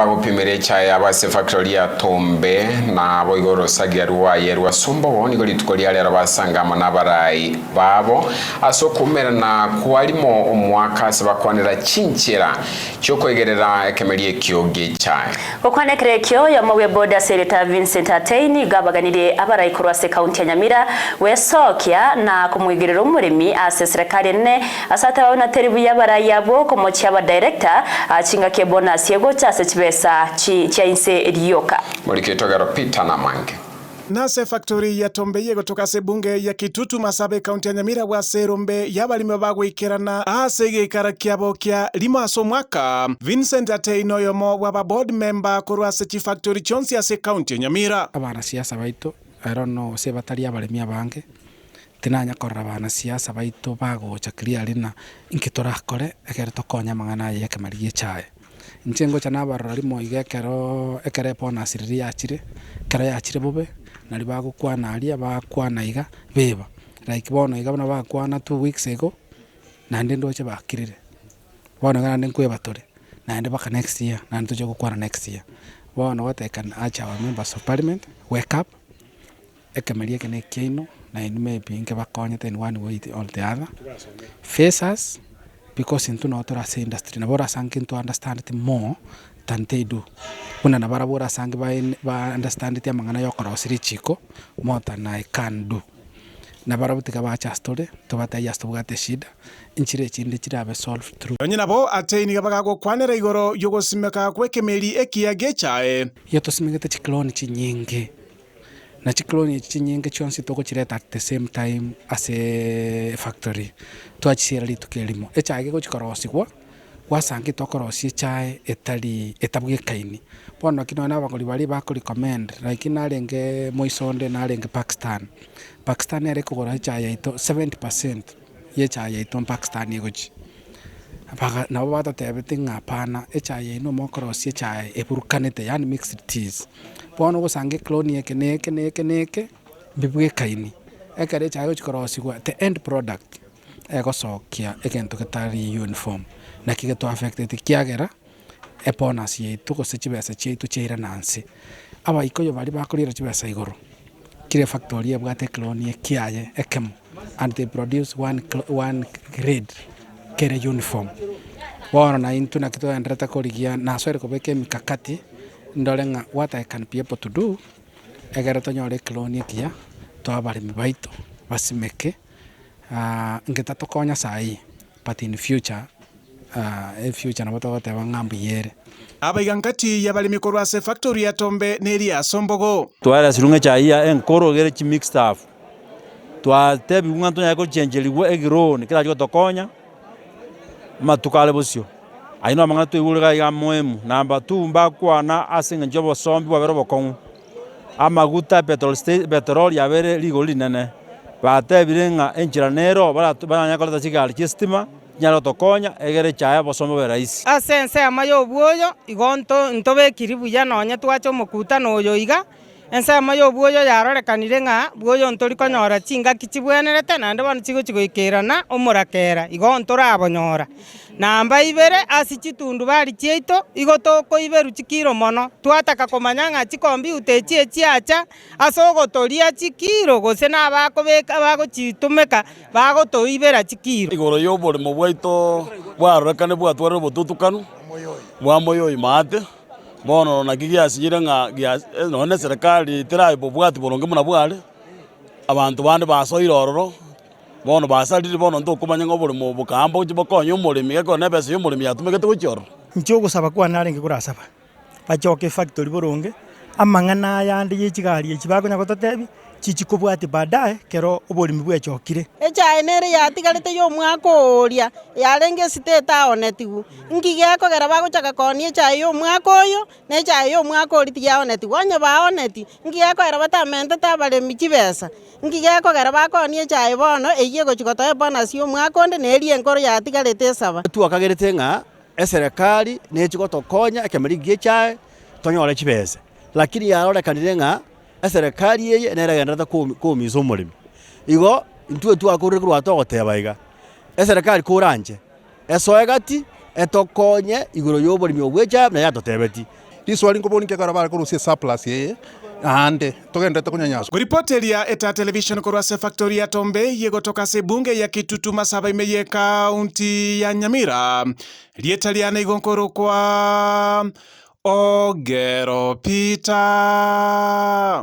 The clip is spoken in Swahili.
ba gupimirä cai abase factory ya tombe na abo igorosagia rwaye rwa sumbogo nigo rituko ria rero basangama na barai babo aso kumera na kuarimo omwaka ase bakwanira chinchira cyokwegerera ekemerie kioge cai gukwanekera ekio yomowe boda sereta Vincent Ateini gabaganire abarai kurwase kaunti ya Nyamira wesokia na kumwigerera umurimi ase serikali ne asata bawe teribu ya barai yabo komochia ba director achinga kebona siego chase chibe chipesa chainse elioka mulikitogero Peter Namange nase factori yatombeye gotoka sebunge ya kitutu masabe kaunti ya nyamira bwa serombe yabalimi bagwikerana ase gikara kiabo kia limo aso mwaka vincent ate inoyomo bwaba board member korwa ase chifactori chonsi ase kaunti ya nyamira siasa baito i don't know se batari tinanya abange tinanyakorera siasa baito bagocha kiriarina inki torakore egere tokonya amang'ana aye ekemari gia inche ngocha nabarora rimo iga ekero ekero eponasi riria yachire ekero yachire bobe nari bagokwana aria bakwana iga beba like bono iga buna bakwana two weeks ago naende ndoche bakirire bono iga naende nkoebatore naende mpaka next year naende toche gokwana next year bono can acha our members of parliament wake up ekemeri eke na ekiaino naende maybe nke bakonyete in one way or the other face us because into no torase industry na bora sanki into understand it more than they do kuna na bara bora sanki ba ba understand it amangana yokora osiri chiko more than I can do na bara butika ba story to sto bugate shida inchire chinde chirabe solve through onye nabo ateini gabaga kwanera igoro yugosimeka kwekemeri ekiage chae yeto simegete chikloni chinyinge na chikloni ichi chionsi tuguchireta at the same time as a factory twachiciarari tukirimo echage guchikorocigwa gwasangi tokorosia echae etari etabwikaini bono kino na abagori bari bakorecommend like narenge moisonde narenge pakistan pakistan ere kogora echae yaito 70 percent ya echae yaito pakistan egochi nabo batateba ete ng'apana echae eye noma okorosia echae eburukanete yaani mixed teas bono ogosanga eclone eke na eke na eke ekero echae egochi the end product egosokia egento getari uniform naki getwaffectete kiagera ebonus yaitu gose chibesa chiaitu chiaire na abaikoyo baria bakorire chibesa igoro kila efactory ebwate eclone ekiaye ekemo and they produce one, one grade kere uniform wao na into na kitu endrete kurigia na swere kubeke mikakati ndore nga what I can be able to do egere nyore clone kia to twa barimi baito basimeke uh, ngeta to konya sai but in future uh, in future na tugoteba ng'ambu yere abaiga nkati ya barimi korwa ase factory ya tombe ne ria sombogo twara sirunga chaiya enkoro gere chi mixed staff twatebi ng'antu nyako chenjeliwe egiro nikira konya matukale busio aino amang'ana twaigurega iga moemu namba tu mbakwana ase eng'encho obosombi bwabere obokong'u amaguta peteroli yabere rigori rinene batebire ng'a enchera nero baranya koreta chigari chia estima nyara otokonya egere chaya bosome obe raisi ase ensemo ya obwoyo igo nto ntobekiri buya nonye twache omokutano oyo iga ensemo ya obwoyo yarorekanire ng'a bwoyo ntorikonyora chingaki chibwenerete naende bono chigochigoikerana omorakera igo ntorabonyora namba ibere ase chitundu bari chiaito igo tokoiberu chikiro mono twataka komanya ng'a chikombiuta echi echiacha ase ogotoria chikiro gose na bakobeka bagochitumeka bagotoibera chikiro igoro ya oboremo bwaito bwarorekane bwatwarire obotutukanu bwa moyoi maate bono naki giasinyire ng'a eh, nonye serikali tirai bobwati boronge buna bware abanto bande basoire ororo bono basarire bono ntokomanya ng'a oboremo obokamba gochia bokonye omoremi gekoo na ebesa ya omoremi yatumegete atumeke ororo nchogo ogosaba kwane arenge gorasaba bachoke factory boronge amang'ana yande ya echigari echi bakonya chichi chichikobwati baadaye kero oborimi bwechokire echae nere yatigarete ya omwaka oria yarenge esitete aonetiwu ngiga ekogera bagochaka koonia echae ya omwaka oyo na echae ya omwaka oria tiyaonetiwu onye baoneti ngiga ekogera batamentete abaremi chibesa ngiga ekogera bakoonia echae bono eywo egochi gotoa e ya omwaka onde na enkoro yatigarete esaba twakagerete ng'a eserekari nechigotokonya ekemeri gia echae tonyore chibesa lakini yarorekanire ng'a eserikari eye neregenderete kũũmisa omoremi igo intue twakũrĩkĩrwa togoteba iga eserikari kũranje esoe gati etokonye igũrũ ya oboremi obwecha na yatotebeti riswali nkobonikia kara barekorusie surplus yeye ande togendete kunyanyaswa kuripoteria eta television korwa se factory ya tombe yegotoka se bunge ya kitutu masabaime ye kaunti ya nyamira rieta riana igonkoro kwa Ogero Peter